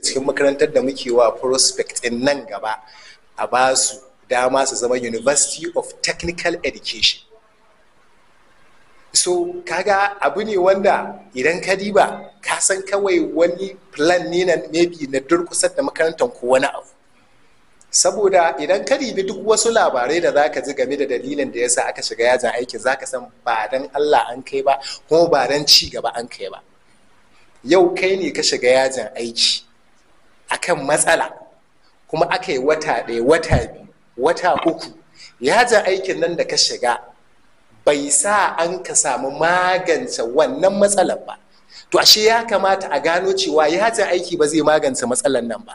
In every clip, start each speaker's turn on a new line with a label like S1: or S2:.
S1: cikin makarantar da muke wa prospect in nan gaba a ba su dama su zama university of technical education so kaga abu ne wanda idan ka diba ka san kawai wani plan ne na maybe na durkusar da makarantar ko wani abu saboda idan ka ribi duk wasu labarai da zaka ji game da dalilin da yasa aka shiga yajin aikin zaka san ba dan Allah an kai ba kuma ba dan ci gaba an kai ba yau kai ne ka shiga yajin aiki akan matsala kuma aka yi wata ɗaya wata biyu wata uku yajin aikin nan da ka shiga bai sa an ka samu magance wannan matsalar ba to ashe ya kamata a gano cewa ya yajin aiki ba zai magance matsalar nan ba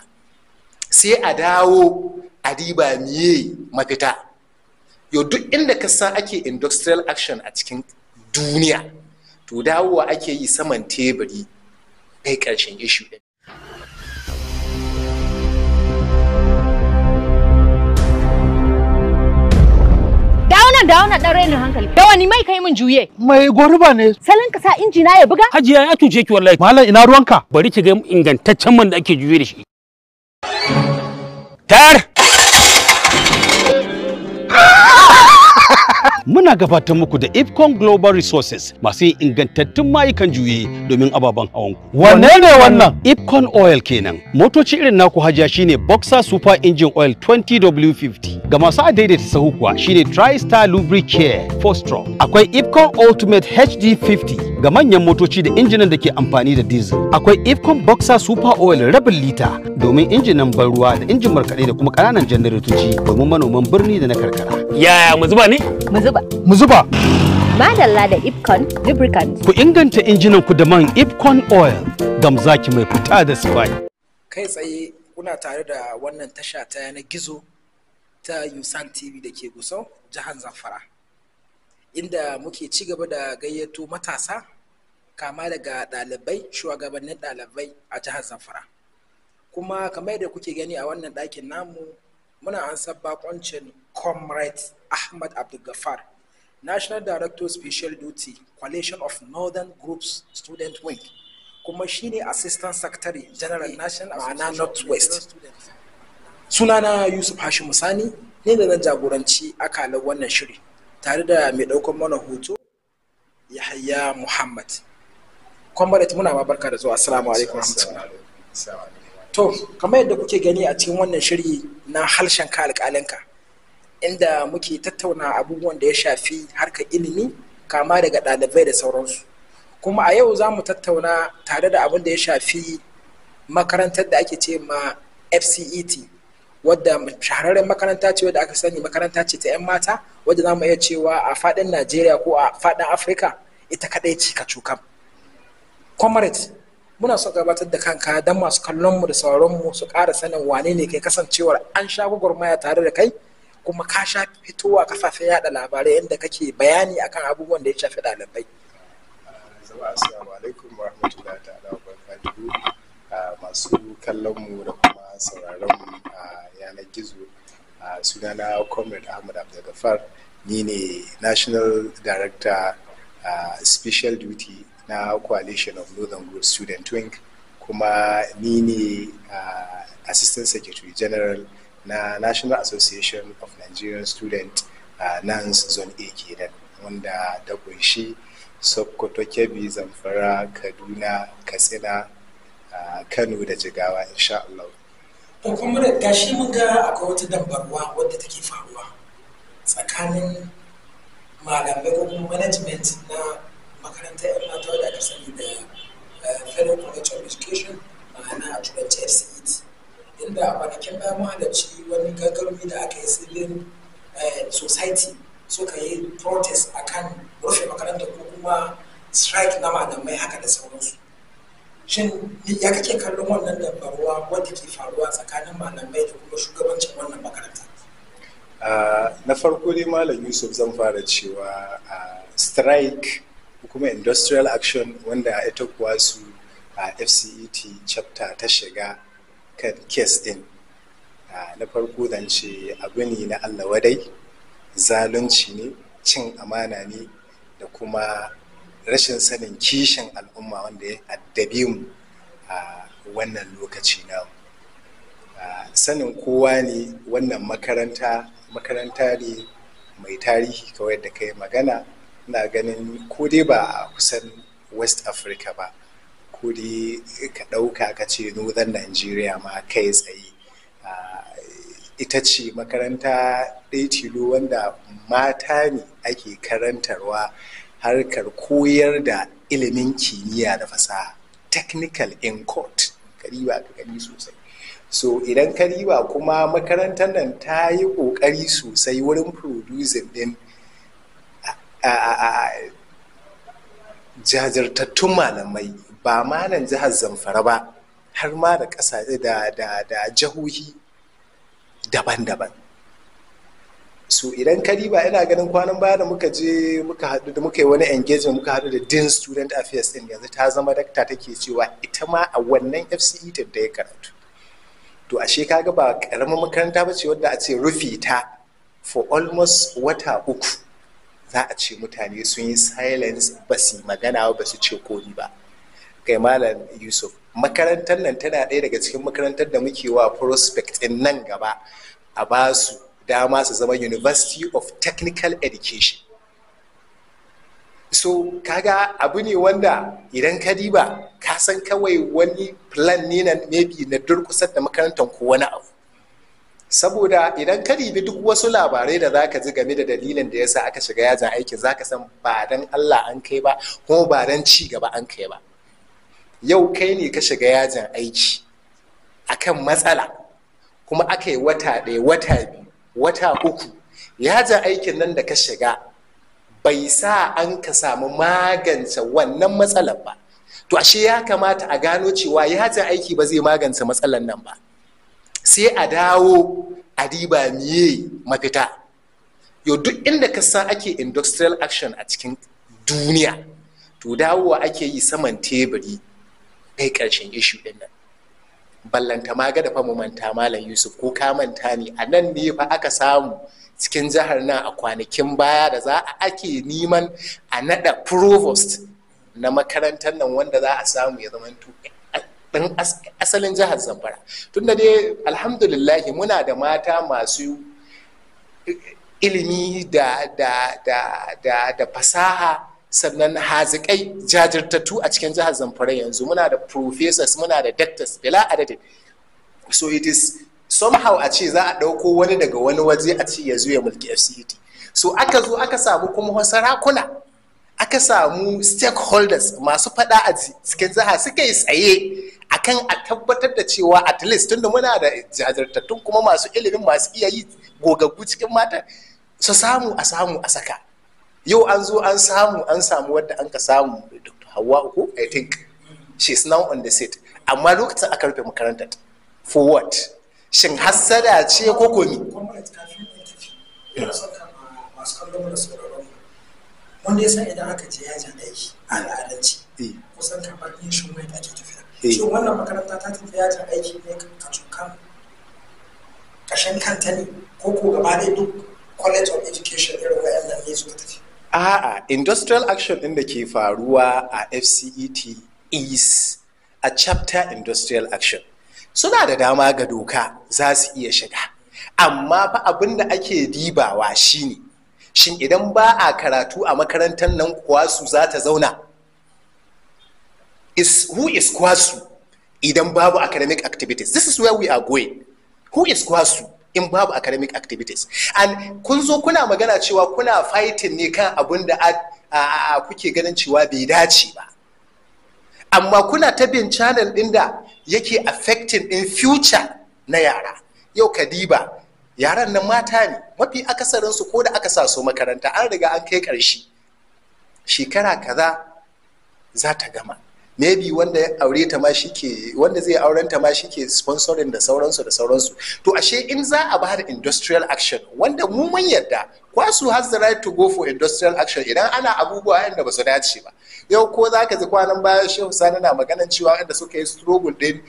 S1: sai a dawo a riba miye mafita yau duk inda ka san ake industrial action a cikin duniya to dawowa ake yi saman teburi kai karshen issue ɗin nan da wannan dan rainin hankali. Da wani mai kai min juye. Mai gwarba ne.
S2: Salon ka sa injina ya buga? Hajiya ya tuje ki wallahi. Malam ina ruwanka? Bari ki ga ingantaccen man da ake
S1: juye da shi. Tayar! muna gabatar muku da Ipcon Global Resources masu yin ingantattun mayukan juye domin ababen hawan ku. Wanne ne wannan? Ipcon Oil kenan. Motoci irin naku hajiya shine Boxer Super Engine Oil 20W50. Ga masu adaidaita sahu kuwa shine TriStar Lubricare 4 Stroke. Akwai Ipcon Ultimate HD 50 ga manyan motoci da injinan da ke amfani da diesel. Akwai Ifcon Boxer Super Oil rabin lita domin injinan ban ruwa da injin markaɗe da kuma ƙananan janaratoci domin manoman birni da na karkara. Yaya mu zuba ne? Mu zuba. Mu zuba. Madalla da Ipcon lubricant. Ku inganta injinan ku da man Ipcon oil gamzaki mai fita da spy.
S2: Kai tsaye kuna tare da wannan tasha ta yanar gizo ta Yusan TV da ke Gusau, jihar Zamfara. inda muke ci gaba da gayyato matasa kama daga ɗalibai shugabannin ɗalibai a jihar zamfara kuma kamar yadda kuke gani a wannan ɗakin namu muna an ansar kwancin comrade ahmad abdulgafar national director special duty coalition of northern groups student wing kuma shine assistant secretary general eh, national ma'ana northwest sunana yusuf hashim Sani ne da nan jagoranci akalar wannan shiri tare da mai ɗaukar mana hoto ya haya muhammad comrade muna ma barka da zuwa assalamu alaikum to kamar yadda kuke gani a cikin wannan shiri na harshen ka alƙalinka inda muke tattauna abubuwan da ya shafi harka ilimi kama daga ɗalibai da sauransu kuma a yau za mu tattauna tare da abin da ya shafi makarantar da ake ce ma fcet wadda shahararren makaranta ce wadda aka sani makaranta ce ta 'yan mata wadda za mu iya cewa a faɗin najeriya ko a faɗin afirka ita kaɗai ce ka cuka comrade muna so gabatar da kanka don masu kallon mu da sauran mu su ƙara sanin wane ne kai kasancewar an sha gwagwarmaya tare da kai kuma ka sha fitowa kafafen yada labarai inda kake bayani akan abubuwan da ya shafi ɗalibai.
S1: Ah, masu kallon mu da kuma sauraron ah, yanar gizo a sunana comrade ahmad abdulgafar ni ne national director uh, special duty na coalition of northern group student wing kuma ni ne uh, assistant secretary general na national association of nigerian student uh, nans zone a kenan wanda ta kunshi sokoto kebbi zamfara kaduna katsina uh, kano da jigawa insha
S2: to kuma da shi mun ga akwai wata dambarwa wadda take faruwa tsakanin malamai ko kuma management na makarantar yan mata wadda aka sani da eh, federal college of education ma'ana a turanci fcet inda a kwanakin bayan mu halarci wani gagarumi da aka yi civil eh, society suka yi protest akan rufe makarantar ko kuma strike na malamai haka da sauransu shin ya kake kallon wannan dabaruwa wadda ke faruwa tsakanin malamai da kuma shugabancin wannan makaranta
S1: na farko dai malam yusuf zan fara cewa strike kuma industrial action wanda ita kuwa su a fcet chapter ta shiga kan kes din na farko zan ce abu ne na allah wadai zalunci ne cin amana ne da kuma rashin sanin kishin al'umma wanda ya addabi mu a wannan lokaci na sanin kowa ne wannan makaranta makaranta ne mai tarihi kawai da kai magana na ganin ko dai ba a kusan west africa ba ko dai ka ɗauka ka ce northern nigeria ma kai tsaye ita ce makaranta ɗaya tilo wanda mata ne ake karantarwa harkar koyar da ilimin kimiyya da fasaha technical in court kariba ka gani sosai so idan kariba kuma makarantar nan ta yi ƙoƙari sosai wurin producing din jajirtattun malamai ba ma nan jihar zamfara ba har ma da ƙasa da jihohi daban-daban so idan ka riba ina ganin kwanan baya da muka je muka haɗu da muka yi wani engagement muka haɗu da din student affairs din yanzu ta zama dakta take cewa ita ma a wannan fce ta da ya karatu to ashe kaga ba karamin makaranta ba ce wadda a ce rufi ta for almost wata uku za a ce mutane sun yi silence ba su magana ba su ce komi ba kai malam yusuf makarantar nan tana ɗaya daga cikin makarantar da muke wa prospect nan gaba a basu dama su zama university of technical education so kaga abu ne wanda idan ka diba ka san kawai wani plan ne na maybe na durkusar da makarantar ko wani abu saboda idan ka dibi duk wasu labarai da zaka ji game da dalilin da yasa aka shiga yajin aikin zaka san ba dan Allah an kai ba kuma ba dan ci gaba an kai ba yau kai ne ka shiga yajin aiki akan matsala kuma aka yi wata ɗaya wata biyu wata uku ya ji aikin nan da ka shiga bai sa an ka samu magance wannan matsalar ba to ashe ya kamata a gano cewa ya ji aiki ba zai magance matsalar nan ba sai a dawo a riba miye mafita yau duk inda ka san ake industrial action a cikin duniya to dawowa ake yi saman teburi kai ƙarshen ishu ɗin nan ballanta ma gada fa mu manta malam yusuf ko ka manta ni? a nan ne fa aka samu cikin jihar nan a kwanakin baya da za a ake neman a naɗa provost na makarantar nan wanda za a samu ya zama ɗan asalin jihar zamfara tun da dai alhamdulillahi muna da mata masu ilimi da fasaha sannan hazikai jajirtattu a cikin jihar zamfara yanzu muna da professors muna da doctors bila adadin so it is somehow a ce za a ɗauko wani daga wani waje a ce ya zo mulki fct e so aka zo aka samu kuma rakuna aka samu stakeholders masu faɗa a cikin jiha suka yi tsaye akan a tabbatar da cewa at least tunda muna da jajirtattun kuma masu ilimin masu iya yi gogaggu cikin mata su samu a samu a saka yau an zo an samu an samu wadda an ka samu dr hawa uku i think she is now on the set amma lokacin aka rufe makarantar for what shin hassada ce ko komi wanda ya san idan aka je yajin aiki a al'adance eh. kusan kamar yin shi mai da ake tafiya eh. shi wannan makaranta ta
S2: tafi yajin aiki ne ka cukan kashin kanta ne ko ko gaba ɗaya duk college of education irin wa'annan ne suka tafi
S1: a'a industrial action ɗin da ke faruwa a fcet is a chapter industrial action suna da dama ga doka za su iya shiga amma fa abin da ake dibawa ne. shin idan ba a karatu a makarantar nan kwasu za ta zauna is who is kwasu idan babu academic activities this is where we are going who is kwasu in babu academic activities and kun zo kuna magana cewa kuna fighting ne kan abun da kuke ganin cewa bai dace ba amma kuna ta bin channel din da yake affecting in future na yara yau kadiba yaran nan mata ne mafi akasarinsu ko da aka sa su makaranta an riga an kai karshe shekara kaza za ta gama maybe wanda ya aure ta ma shike wanda zai auren ta ma ke sponsoring da sauransu da sauransu to ashe in za a ba da industrial action wanda mu mun yarda kwasu has the right to go for industrial action idan ana abubuwa yanda ba su dace ba yau ko za ka ji kwanan baya shehu sani na maganan cewa inda suka yi struggle din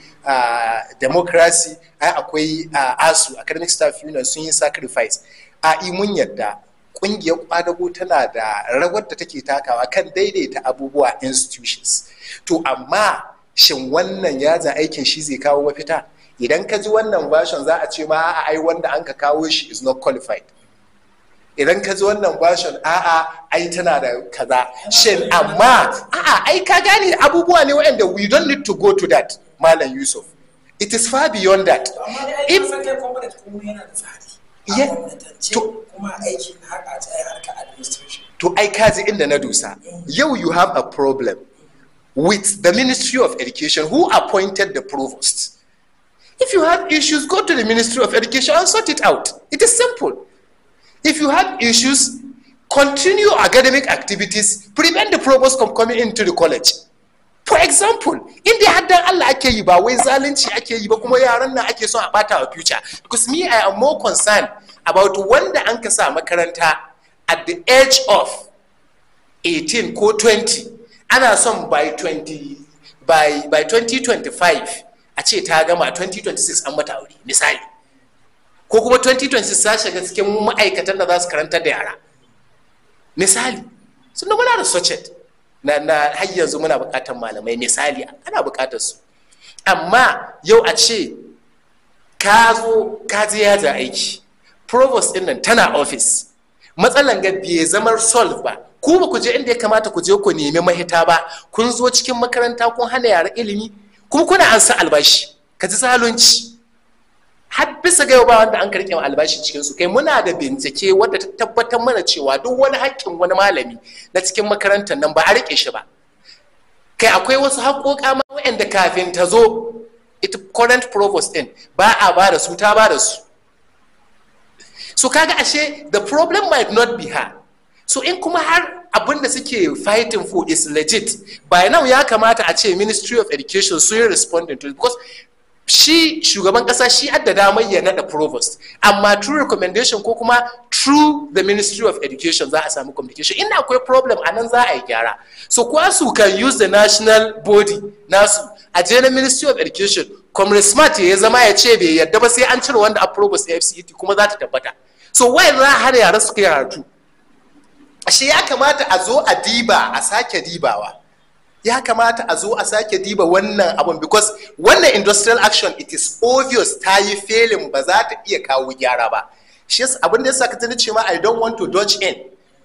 S1: democracy ai akwai asu academic staff union sun yi sacrifice a mun yarda kungiyar kwadago tana da rawar da take takawa kan daidaita abubuwa institutions to amma shin wannan ya za aikin shi zai kawo mafita idan ka ji wannan version za a ce ma a'a ai wanda an ka kawo shi is not qualified idan ka ji wannan version a'a ai tana da kaza shin amma a'a ai ka gane abubuwa ne waɗanda we don't need to go to that malam yusuf it is far beyond that
S2: if yeah, to
S1: to ai ji inda na dusa mm. yau you have a problem with the Ministry of Education, who appointed the provost. If you have issues, go to the Ministry of Education and sort it out. It is simple. If you have issues, continue academic activities, prevent the provost from coming into the college. For example, in the other, Allah ake yi ba wai zalunci ake yi ba kuma yaran nan ake son a bata wa future. Because me I am more concerned about wanda an ka sa makaranta at the age of 18 ko 20 ana son by 20 by 2025 a ce ta gama 2026 an mata aure misali ko kuma 2026 ta shiga cikin ma'aikatan da za su karanta da yara misali sun da muna da sochet na har yanzu muna bukatar malamai misali ana bukatar su amma yau a ce ka zo ka je aiki provost din nan tana ofis. matsalan ga bai zamar solve ba ku ba ku je inda ya kamata ku je ku nemi mahita ba kun zo cikin makaranta kun hana yara ilimi kuma kuna an sa albashi ka ji zalunci har bisa ga yau ba wanda an karke albashi cikin su kai muna da bincike wadda ta tabbatar mana cewa duk wani haƙƙin wani malami na cikin makarantar nan ba a rike shi ba kai akwai wasu haƙoƙa ma waɗanda kafin ta zo ita current provost din ba a ba da su ta ba da su so kaga ashe the problem might not be her so in kuma har abin da suke fighting for is legit by now ya kamata a ce ministry of education su yi responding to it because shi shugaban kasa shi adda damar ya nada provost amma true recommendation ko kuma through the ministry of education za a samu communication ina akwai problem a nan za a yi gyara so kwasu can use the national body nasu a je ministry of education comrade smart ya zama ya ce bai yadda ba sai an cire wanda a provost afct e kuma za ta tabbata so why za har yara suka yi ashe ya kamata a zo a diba a sake dibawa ya kamata a zo a sake diba wannan abun because wannan industrial action it is obvious ta yi felin ba za ta iya kawo gyara ba shi yasa abin da yasa ka tana ce ma i don't want to dodge in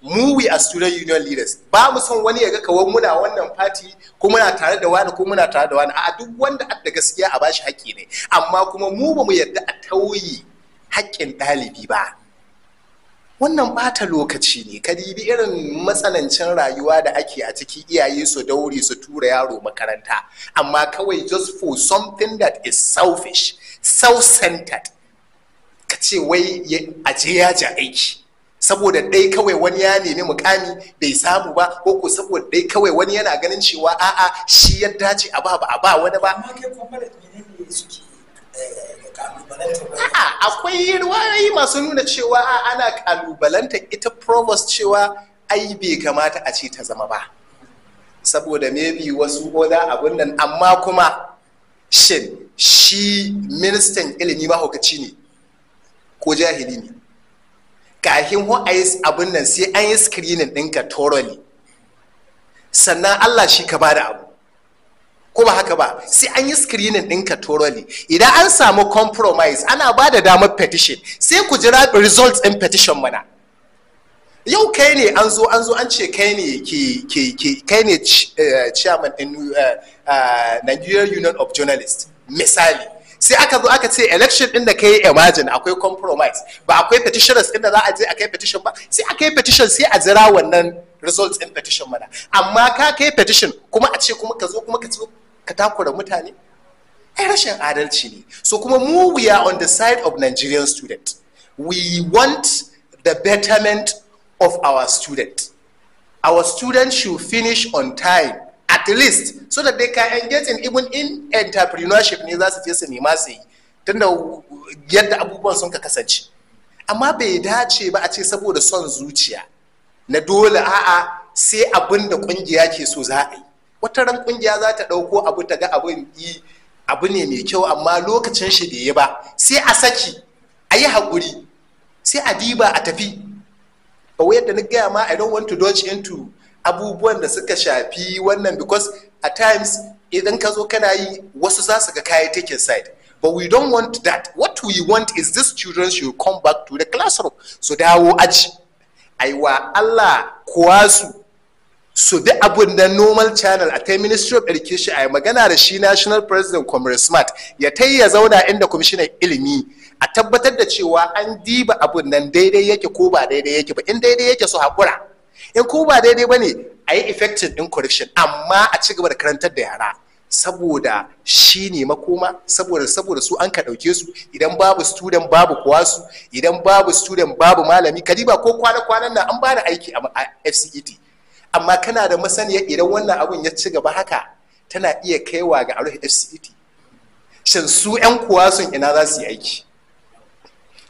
S1: mu we as student union leaders ba mu son wani ya ga kawai muna wannan party ko muna tare da wani ko muna tare da wani a duk wanda a da gaskiya a bashi haƙƙi ne amma kuma mu ba mu yarda a tauye haƙƙin ɗalibi ba wannan bata lokaci ne ka dibi irin matsanancin rayuwa da ake a ciki iyaye su daure su tura yaro makaranta amma kawai just for something that is selfish self-centered ka ce wai a je ji aiki saboda dai kawai wani ya nemi mukami bai samu ba ko ko saboda dai kawai wani yana ganin cewa a'a shi ya dace a ba ba a ba wani ba a'a akwai yi masu nuna cewa ana kalubalanta ita provost cewa ai bai kamata a ce ta zama ba saboda maybe wasu oda abun nan amma kuma shin shi ministan ilimi mahaukaci ne ko jahili ne kahin ho a yi abun nan sai an yi screening ɗinka thoroughly sannan allah shi ka bada abu ko ba haka ba sai an yi screening ɗinka thoroughly idan an samu compromise ana ba da damar petition sai ku jira results in petition mana yau kai ne an zo an zo an ce kai ne ke kai ne eh, chairman din eh, eh, Nigerian Union of Journalists misali sai aka zo aka ce election ɗin da kai imagine akwai compromise ba akwai petitioners din da za a je akai petition ba sai akai petition sai a jira wannan results in petition mana amma ka kai petition kuma a ce kuma ka zo kuma ka zo ka takura mutane ai rashin adalci ne so kuma mu we are on the side of Nigerian student we want the betterment of our student our students should finish on time at least so that they can engage in even in entrepreneurship ne za su je su nema su yi tunda yadda abubuwan sun ka kasance amma bai dace ba a ce saboda son zuciya na dole a'a sai abin da kungiya ke so za a yi wata ran kungiya za ta ɗauko abu ta ga abin yi abu ne mai kyau amma lokacin shi da ya ba sai a saki a yi haƙuri sai a diba a tafi ba yadda na gaya ma i don't want to dodge into abubuwan da suka shafi wannan because at times idan ka zo kana yi wasu za su ga kayan taking side but we don't want that what we want is these children should come back to the classroom so dawo aji aiwa Allah kuwa su so bi abun da normal channel a ta ministry of education a magana da shi national president comrade smart ya ta ya zauna inda kwamishinan ilimi a tabbatar da cewa an diba abun nan daidai yake ko ba daidai yake ba in daidai yake su haƙura in ko ba daidai ba ne a yi effective in correction amma a ci gaba da karantar da yara saboda shi ne makoma saboda saboda su an ka ɗauke su idan babu student babu kuwa su idan babu student babu malami kadiba ko kwana-kwanan nan an da aiki a fcet amma kana da masaniya idan wannan abun ya ci gaba haka tana iya kaiwa ga aruhi fct shin su 'yan kuwa sun ina za su yi aiki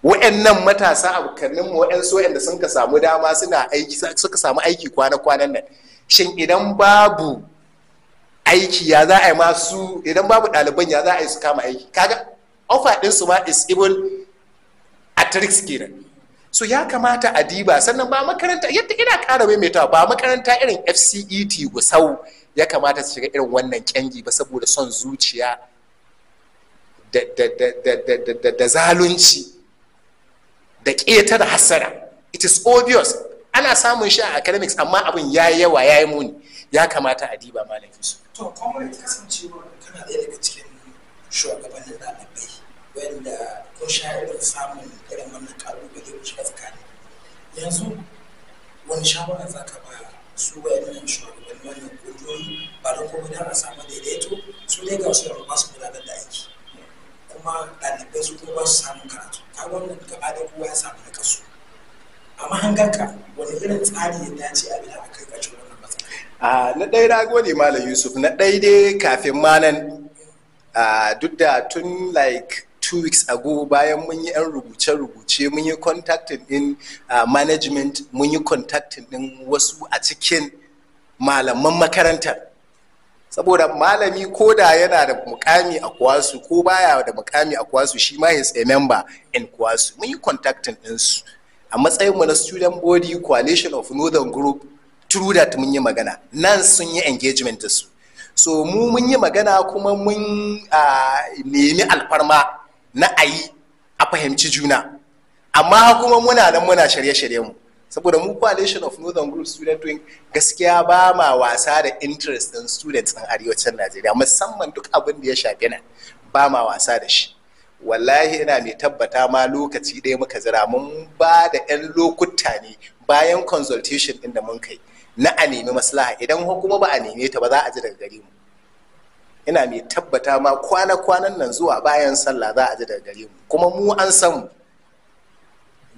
S1: wa'annan matasa abokanin mu wa'ansu wa'anda sun ka samu dama suna aiki suka samu aiki kwana-kwanan nan shin idan babu aiki ya za a yi masu idan babu ɗaliban ya za a yi su kama aiki kaga ofa ɗinsu ma is even at risk kenan so ya kamata a diba sannan ba makaranta yadda ina ƙara maimaitawa ba makaranta irin fcet gusau ya kamata su shiga irin wannan kyangi ba saboda son zuciya da zalunci da ƙeta da hasara it is obvious ana samun shi a academics amma abin ya yi yawa ya yi muni ya kamata a diba malam su. to kuma wa kana daya daga cikin shugabannin ɗalibai wanda kun sha irin samun irin
S2: wannan kalubale ku shiga tsakani yanzu wani shawara za ka ba su wayannan shugabannin wannan kungiyoyi ba don kuma don a samu daidaito su dai ga su yawon ba su gudanar da aiki kuma ɗalibai su kuma ba su samun karatu ka wannan gaba da kowa ya samu na kasu amma hangarka wani irin tsari ya dace a bila a kai wannan
S1: matsala. na ɗaya na gode malam yusuf na ɗaya dai kafin nan. duk da tun like two weeks ago bayan mun yi 'yan rubuce-rubuce mun yi contacting din ah, management mun yi contacting din wasu a cikin malaman makarantar saboda malami ko da yana da mukami a kwasu ko baya da mukami a kwasu shi ma is a member in kwasu mun yi contacting su a matsayin mu na student body coalition of northern group through that mun yi magana nan sun yi engagement su so mu mun yi magana kuma mun ah, nemi alfarma na a yi a fahimci juna amma kuma muna nan muna shirye-shiryen mu saboda mu coalition of northern group student wing gaskiya ba ma wasa da interest din students din arewacin najeriya musamman duk abin da ya shafi nan ba ma wasa da shi wallahi ina mai tabbata ma lokaci ɗaya muka zira mun ba da 'yan lokuta ne bayan consultation ɗin da mun kai na a nemi maslaha idan kuma ba a neme ta ba za a ji daga gare mu ina mai tabbata ma kwana-kwanan nan zuwa bayan sallah za a ji daga gare mu kuma mu an san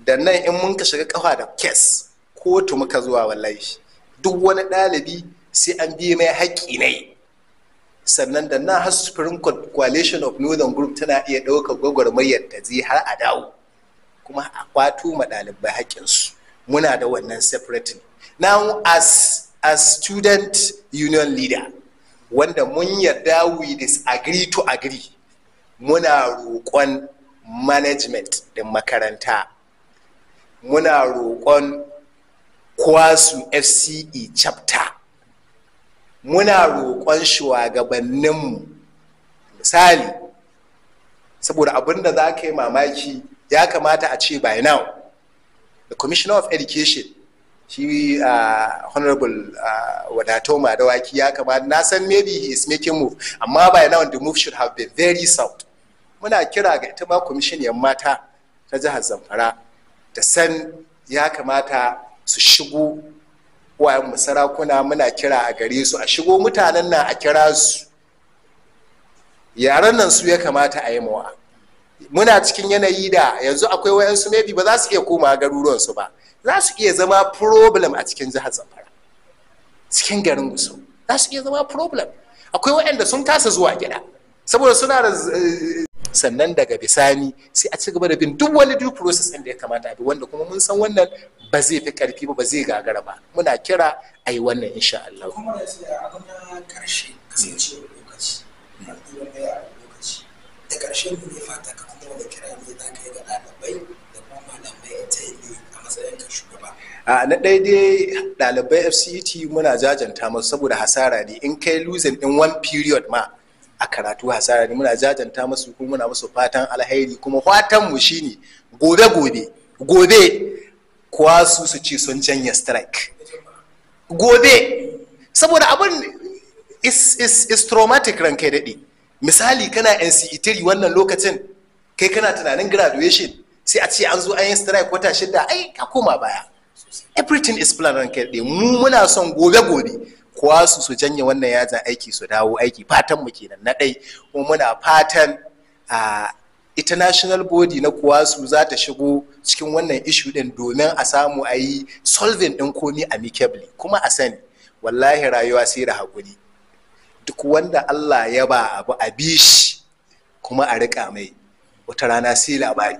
S1: da nan in mun ka shiga kafa da kes kotu muka zuwa wallahi duk wani ɗalibi sai an bi mai haƙƙi ne sannan da na har supreme court coalition of northern group tana iya ɗaukar gwagwarmayar da zai har a dawo kuma a kwato ma ɗalibai haƙƙinsu muna da wannan separating now as a student union leader wanda mun yarda we disagree to agree muna roƙon management din makaranta muna roƙon kwasu fce chapter muna roƙon shugabanninmu misali saboda abin da za ka yi mamaki ya kamata a ce by now the commissioner of education shi uh, honorable uh, wadatoma da waki ya kamata na san maybe he is making move amma by now the move should have been very sound muna kira ga ita ma 'yan mata ta jihar zamfara da san ya kamata su shigo mu sarakuna muna kira a gare su a shigo mutanen nan a kira su yaran nan su ya kamata a yi muna cikin yanayi da yanzu akwai wayansu maybe ba za su iya koma garuruwansu ba za su iya zama problem a cikin jihar zamfara cikin garin gusau za su iya zama problem akwai waɗanda sun kasa zuwa gida saboda suna da eh, sannan daga bisani sai a ci gaba da bin duk wani due process ɗin da ya kamata a bi wanda kuma mun san wannan ba zai fi karfi ba ba zai gagara ba muna kira a yi wannan insha Allah.
S2: kuma da karshe kasance lokaci da ƙarshe mu ne fata ka kuma wani kira ne za ka yi da ɗalibai matsayin ka shugaba
S1: a na ɗaya dai ɗalibai fct muna jajanta masu saboda hasara ne in kai losing in one period ma a karatu hasara ne muna jajanta masu kuma muna musu fatan alheri kuma fatan mu shine gobe gobe gobe kuwa su su ce sun janye strike gobe saboda abin is, is, is traumatic daɗe misali kana nce3 wannan lokacin kai kana tunanin graduation sai a ce an zo an yi strike wata shida ai ka koma baya everything is planned ranka ɗaya mu muna son gobe gobe kuwa su su janye wannan yajin aiki su dawo aiki fatan mu kenan na ɗai Mu muna fatan a international body na kuwa su za ta shigo cikin wannan issue din domin a samu a yi solving ɗin komi amicably kuma a sani wallahi rayuwa sai da hakuri duk wanda Allah ya ba abu a bi kuma a riƙa mai wata rana sai labari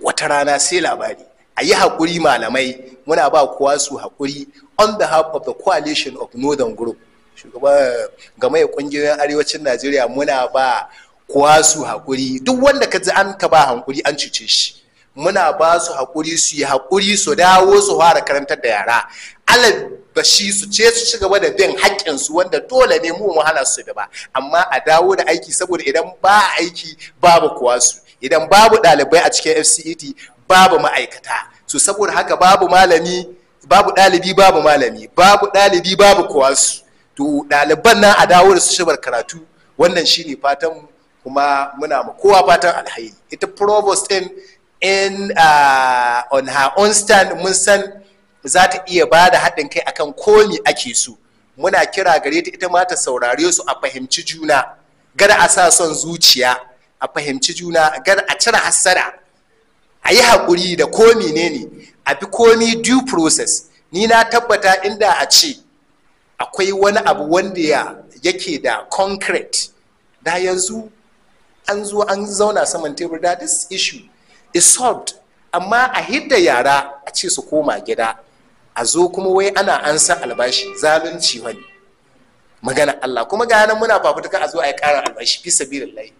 S1: wata rana sai labari a yi hakuri malamai muna ba kowa su haƙuri on the half of the coalition of northern group shugaban game da ƙungiyoyin arewacin najeriya muna ba kowa su haƙuri duk wanda ka ji an ka ba hakuri an cuce shi muna ba su haƙuri su yi haƙuri su dawo su fara karantar da yara alal bashi su ce su ci gaba da bin haƙƙinsu wanda dole ne mu mu hana su da ba amma a dawo da aiki saboda idan ba aiki babu kowa su idan babu ɗalibai a cikin fcet babu ma'aikata so saboda haka babu malami babu ɗalibi babu malami babu ɗalibi babu kowansu to ɗaliban nan a dawo da su shibar karatu wannan shine fatan kuma muna ma kowa fatan alhairi ita provost in in uh, ah, on her own stand mun san za ta iya ba da haɗin kai akan komi ake so muna kira gare ta ita ma ta saurare su a fahimci juna gada a sa son zuciya a fahimci juna gar a cire hassada a yi haƙuri da komi ne ne a bi komi due process ni na tabbata inda a ce akwai wani abu wanda ya yake da concrete da yanzu an zo an zauna saman tebur da this issue is solved amma a hidda yara a ce su koma gida a zo kuma wai ana ansa albashi zalunci wani magana Allah kuma ga nan muna fafutuka a zo a yi ƙarar albashi fi sabilillahi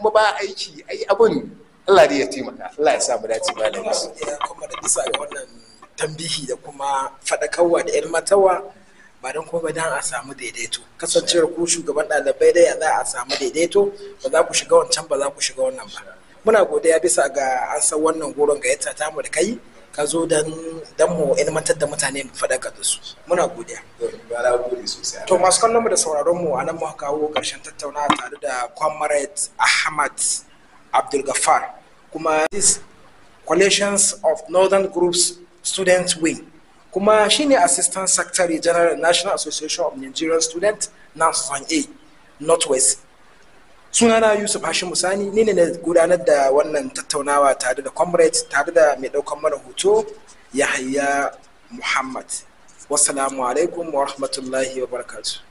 S1: kuma ba aiki ai abun Allah da ya taimaka Allah ya sa mu dace ba da wasu kuma da bisa ga wannan
S2: tambihi da kuma fadakarwa da matawa ba don kuma ba dan a samu daidaito kasancewar ku shugaban ɗalibai dai za a samu daidaito ba za ku shiga wancan ba za ku shiga wannan ba muna godiya bisa ga an san wannan goron yatta tamu da kai ka zo don mu ilmantar da mutane mu faɗa da su muna godiya to masu kallon mu da sauraron mu a nan muka kawo ƙarshen tattauna tare da comrade ahmad abdulgafar kuma this coalitions of northern groups students wing kuma shine assistant secretary general national association of nigerian students na a northwest sunana yusuf hashim musani ni ne na gudanar da wannan tattaunawa tare da comrades tare da mai ɗaukan mana hoto yahaya muhammad wasu alaikum wa rahmatullahi wa barakatuh